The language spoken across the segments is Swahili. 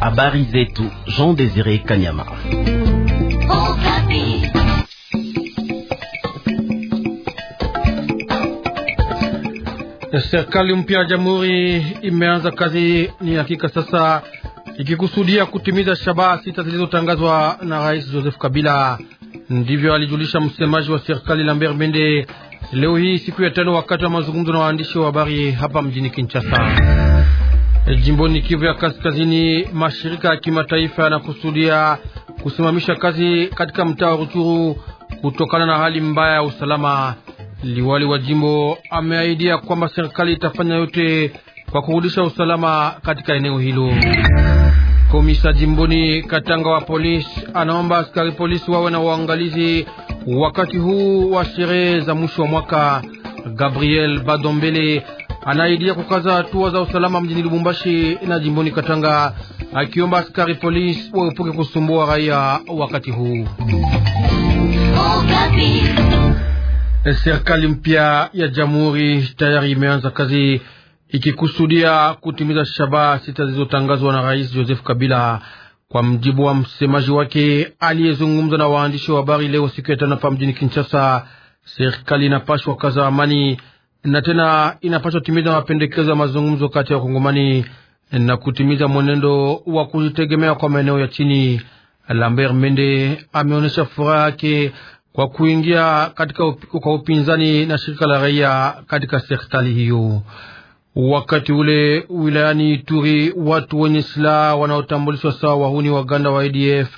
Habari zetu Jean Désiré Kanyama. Serikali mpya ya jamhuri imeanza kazi ni hakika sasa, ikikusudia kutimiza shabaha sita zilizotangazwa na Rais Joseph Kabila. Ndivyo alijulisha msemaji wa serikali Lambert Mende leo hii siku ya tano, wakati wa mazungumzo na waandishi wa habari hapa mjini Kinshasa. Jimboni Kivu ya Kaskazini, mashirika ya kimataifa yanakusudia kusimamisha kazi katika mtaa wa Ruchuru kutokana na hali mbaya ya usalama. Liwali wa jimbo ameahidia kwamba serikali itafanya yote kwa kurudisha usalama katika eneo hilo. Komisa jimboni Katanga wa polisi anaomba askari polisi wawe na uangalizi wakati huu wa sherehe za mwisho wa mwaka. Gabriel Badombele anaidia kukaza hatua za usalama mjini Lubumbashi na jimboni Katanga, akiomba askari polisi waepuke kusumbua raia wakati huu. Oh, serikali mpya ya jamhuri tayari imeanza kazi ikikusudia kutimiza shabaha sita zilizotangazwa na Rais Joseph Kabila. Kwa mjibu wa msemaji wake aliyezungumza na waandishi wa habari leo siku ya tano hapa mjini Kinshasa, serikali inapashwa kaza amani na tena inapaswa kutimiza mapendekezo ya mazungumzo kati ya wakongomani na kutimiza mwenendo wa kujitegemea kwa maeneo ya chini. Lambert Mende ameonyesha furaha yake kwa kuingia katika upi, kwa upinzani na shirika la raia katika serikali hiyo. Wakati ule wilayani Ituri, watu wenye silaha wanaotambulishwa sawa wahuni waganda wa ADF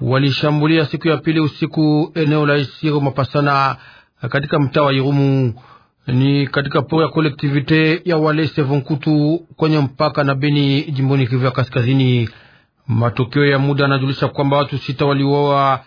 walishambulia siku ya pili usiku eneo la Isiro Mapasana katika mtaa wa Irumu ni katika pori ya kolektivite ya Walese Vonkutu kwenye mpaka na Beni jimboni Kivu ya Kaskazini. Matokeo ya muda yanajulisha kwamba watu sita waliuawa,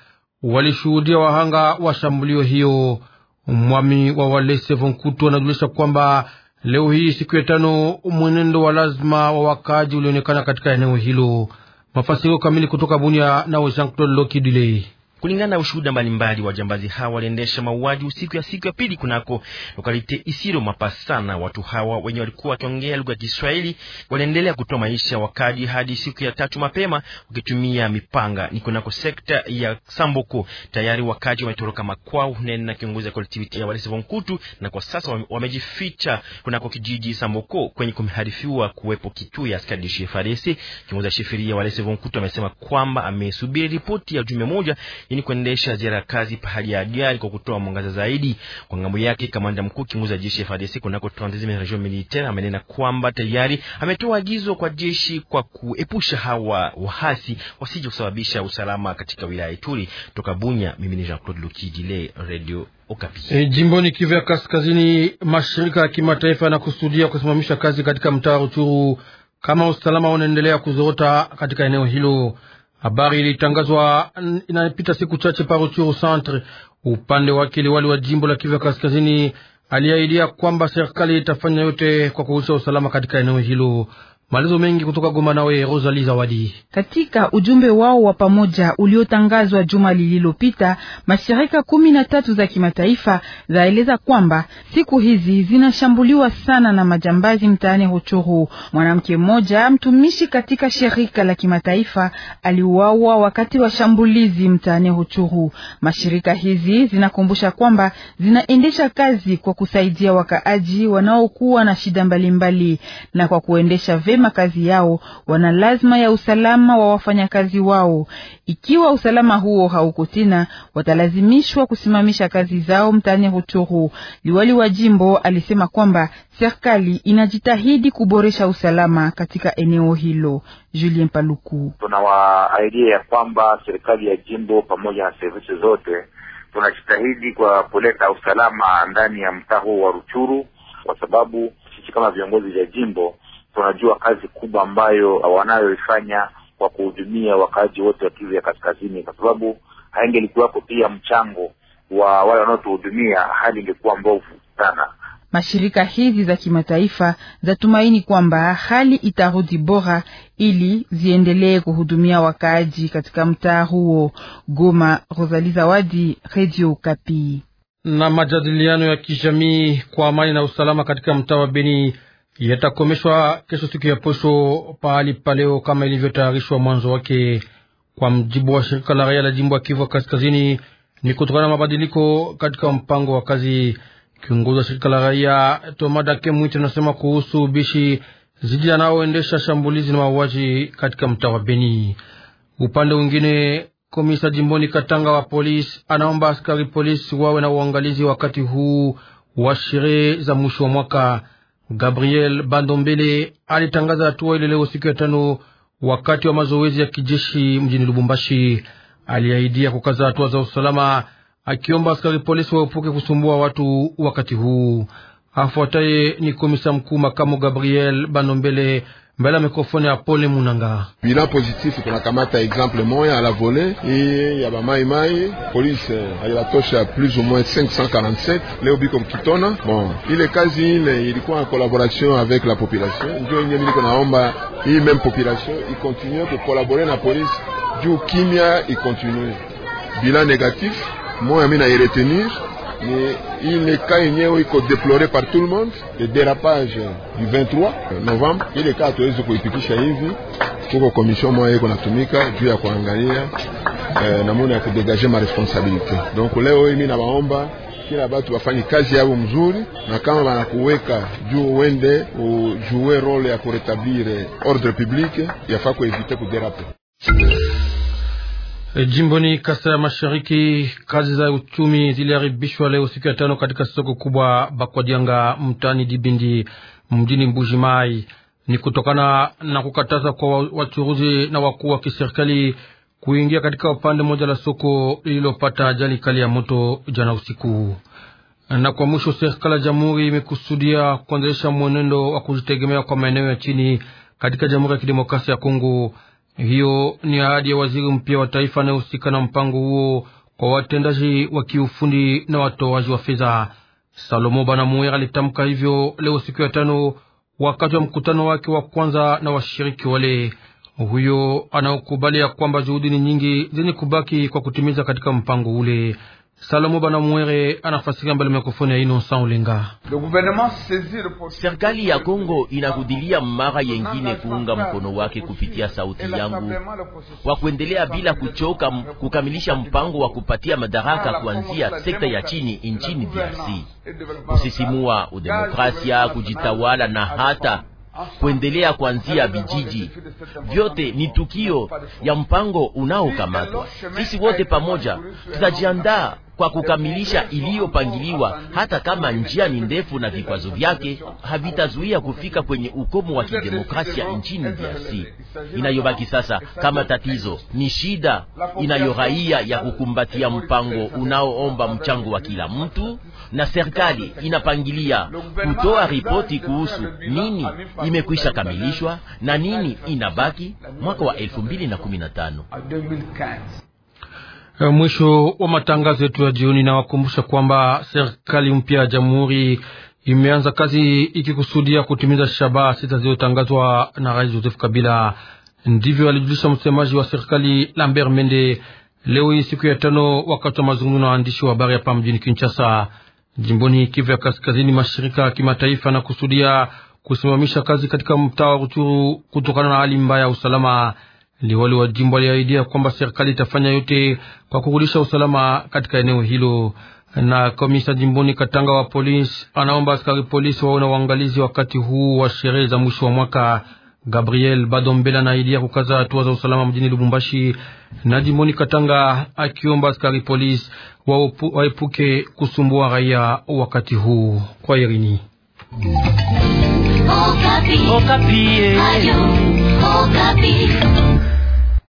walishuhudia wahanga wa shambulio hiyo. Mwami wa Walese Vonkutu anajulisha kwamba leo hii siku ya tano, mwenendo wa lazima wa wakaaji ulionekana katika eneo hilo. Mafasiro kamili kutoka Bunia, nao Jean Claude Lokidile. Kulingana na ushuhuda mbalimbali, wajambazi hawa waliendesha mauaji usiku ya siku ya pili kunako lokalite Isiro Mapasana. Watu hawa wenye walikuwa wakiongea lugha ya Kiswahili waliendelea kutoa maisha wakaji hadi siku ya tatu mapema wakitumia mipanga. Ni kunako sekta ya Samboko tayari wakaji wametoroka makwao nene na kiongozi wa kolektiviti ya Walese Vonkutu, na kwa sasa wamejificha kunako kijiji Samboko kwenye kumeharifiwa kuwepo kituo ya askari jeshi FARDC. Kiongozi wa sheferia Walese Vonkutu amesema kwamba amesubiri ripoti ya jumbe moja ili kuendesha ziara ya kazi pahali ya gari kwa kutoa mwangaza zaidi. Kwa ngambo yake, kamanda mkuu kiongozi wa jeshi FARDC kunako transmission region militaire amenena kwamba tayari ametoa agizo kwa jeshi kwa kuepusha hawa wahasi wasije kusababisha usalama katika wilaya Ituri. Toka Bunya, mimi ni Jean-Claude Lukidile, Radio Okapi. E, jimboni Kivu ya Kaskazini, mashirika ya kimataifa yanakusudia kusimamisha kazi katika mtaa wa Ruchuru kama usalama unaendelea kuzorota katika eneo hilo. Habari ilitangazwa inapita siku chache Paruchuru Centre. Upande wake liwali wa jimbo la Kivu Kaskazini aliahidia kwamba serikali itafanya yote kwa kuhusu usalama katika eneo hilo. Malizo mengi kutoka Goma nawe Rosalie Zawadi. Katika ujumbe wao wa pamoja uliotangazwa juma lililopita, mashirika kumi na tatu za kimataifa zaeleza kwamba siku hizi zinashambuliwa sana na majambazi mtaani Huchuru. Mwanamke mmoja mtumishi katika shirika la kimataifa aliuawa wakati wa shambulizi mtaani Huchuru. Mashirika hizi zinakumbusha kwamba zinaendesha kazi kwa kusaidia wakaaji wanaokuwa na shida mbalimbali mbali, na kwa kuendesha vema makazi yao, wana lazima ya usalama wa wafanyakazi wao. Ikiwa usalama huo hauko tena, watalazimishwa kusimamisha kazi zao mtaani ruchuru Liwali wa jimbo alisema kwamba serikali inajitahidi kuboresha usalama katika eneo hilo. Julien Paluku: waaidia ya kwamba serikali ya jimbo pamoja na servisi zote tunajitahidi kwa kuleta usalama ndani ya mtaa huu wa Ruchuru, kwa sababu sisi kama viongozi vya jimbo tunajua kazi kubwa ambayo wanayoifanya kwa kuhudumia wakaaji wote wa Kivu ya Kaskazini, kwa sababu likuwako pia mchango wa wale wanaotuhudumia, hali ingekuwa mbovu sana. Mashirika hizi za kimataifa zatumaini kwamba hali itarudi bora ili ziendelee kuhudumia wakaaji katika mtaa huo. Goma, Rosali Zawadi, redio Kapi. Na majadiliano ya kijamii kwa amani na usalama katika mtaa wa Beni yatakomeshwa kesho siku ya posho pahali paleo kama ilivyotayarishwa mwanzo wake. Kwa mjibu wa shirika la raia la jimbo ya Kivu Kaskazini, ni kutokana na mabadiliko katika mpango wa kazi. Kiongozi wa shirika la raia Tomadake Mwite anasema kuhusu bishi zidi anaoendesha shambulizi na mauaji katika mtaa wa Beni. Upande mwingine, komisa jimboni Katanga wa polisi anaomba askari polisi wawe na uangalizi wakati huu wa sherehe za mwisho wa mwaka. Gabriel Bandombele alitangaza hatua ile leo siku ya tano, wakati wa mazoezi ya kijeshi mjini Lubumbashi. Aliahidia kukaza hatua za usalama, akiomba askari polisi waepuke kusumbua watu wakati huu. Afuataye ni komisa mkuu makamu Gabriel Bandombele mbele ya mikrofoni ya Pole Munanga. Bila positif tunakamata exemple moya ala vole iye ya bamaimai polise euh, tosha plus ou moins 547 leo biko mkitona bon, il est quasi il ile ilikuwa en collaboration avec la population, ndio inye miliko naomba hii meme population ikontinue kukolabore na polise juu kimya ikontinue. Bilan negatif moya mi na iretenir ni ile ka yenyewe iko deplore par tout le monde, le dérapage du 23 novembre. Ile ka hatuwezi kuipitisha hivi, tuko komision moya iko natumika juu euh, ya kuangalia eh, namuna ya kudegage ma responsabilité Donc leo hii mimi nawaomba kila batu wafanye kazi yabo mzuri, na kama banakuweka juu wende ujue role ya kuretablire ordre public, yafaa kuevite kuderape. Jimboni Kasa ya Mashariki, kazi za uchumi ziliharibishwa leo siku ya tano katika soko kubwa Bakwajanga mtaani Dibindi mjini Mbuji Mai. Ni kutokana na kukataza kwa wachuruzi na wakuu wa kiserikali kuingia katika upande moja la soko lililopata ajali kali ya moto jana usiku. Na kwa mwisho, serikali ya jamhuri imekusudia kuanzisha mwenendo wa kujitegemea kwa maeneo ya chini katika Jamhuri ya Kidemokrasia ya Kongo. Hiyo ni ahadi ya waziri mpya wa taifa anayehusika na mpango huo kwa watendaji wa kiufundi na watoaji wa fedha. Salomo Banamuer alitamka hivyo leo siku ya tano wakati wa mkutano wake wa kwanza na washiriki wale. Huyo anaokubali ya kwamba juhudi ni nyingi zenye kubaki kwa kutimiza katika mpango ule. Salomo Bana Mwere anafasika mbele mikrofoni ya ino San Ulinga. Serikali ya Kongo inarudilia mara yengine kuunga mkono wake kupitia sauti yangu wa kuendelea bila kuchoka kukamilisha mpango wa kupatia madaraka ah, kuanzia sekta ya chini nchini DRC, kusisimua udemokrasia, kujitawala na hata kuendelea kuanzia vijiji vyote ni tukio ya mpango unaokamatwa. Sisi wote pamoja tutajiandaa kwa kukamilisha iliyopangiliwa, hata kama njia ni ndefu na vikwazo vyake havitazuia kufika kwenye ukomo wa kidemokrasia nchini DRC. Inayobaki sasa kama tatizo ni shida inayoraia ya kukumbatia mpango unaoomba mchango wa kila mtu, na serikali inapangilia kutoa ripoti kuhusu nini imekwisha kamilishwa na nini inabaki mwaka wa 2015. Eh, mwisho wa matangazo yetu ya jioni, na wakumbusha kwamba serikali mpya ya jamhuri imeanza kazi ikikusudia kutimiza shabaha sita zilizotangazwa na Rais Joseph Kabila. Ndivyo alijulisha msemaji wa serikali Lambert Mende leo hii siku ya tano, wakati wa mazungumzo na waandishi wa habari hapa mjini Kinshasa. Jimboni Kivu ya Kaskazini, mashirika ya kimataifa na kusudia kusimamisha kazi katika mtaa wa Ruchuru kutokana na hali mbaya ya usalama. Liwali wa jimbo aliahidia kwamba serikali itafanya yote kwa kurudisha usalama katika eneo hilo. Na komisa jimboni Katanga wa polisi anaomba askari polisi wawe na uangalizi wakati huu wa sherehe za mwisho wa mwaka. Gabriel Badombela anaahidia kukaza hatua za usalama mjini Lubumbashi na jimboni Katanga, akiomba askari polisi waepuke kusumbua raia wakati huu. Kwa irini Okapi. Okapi. Eh.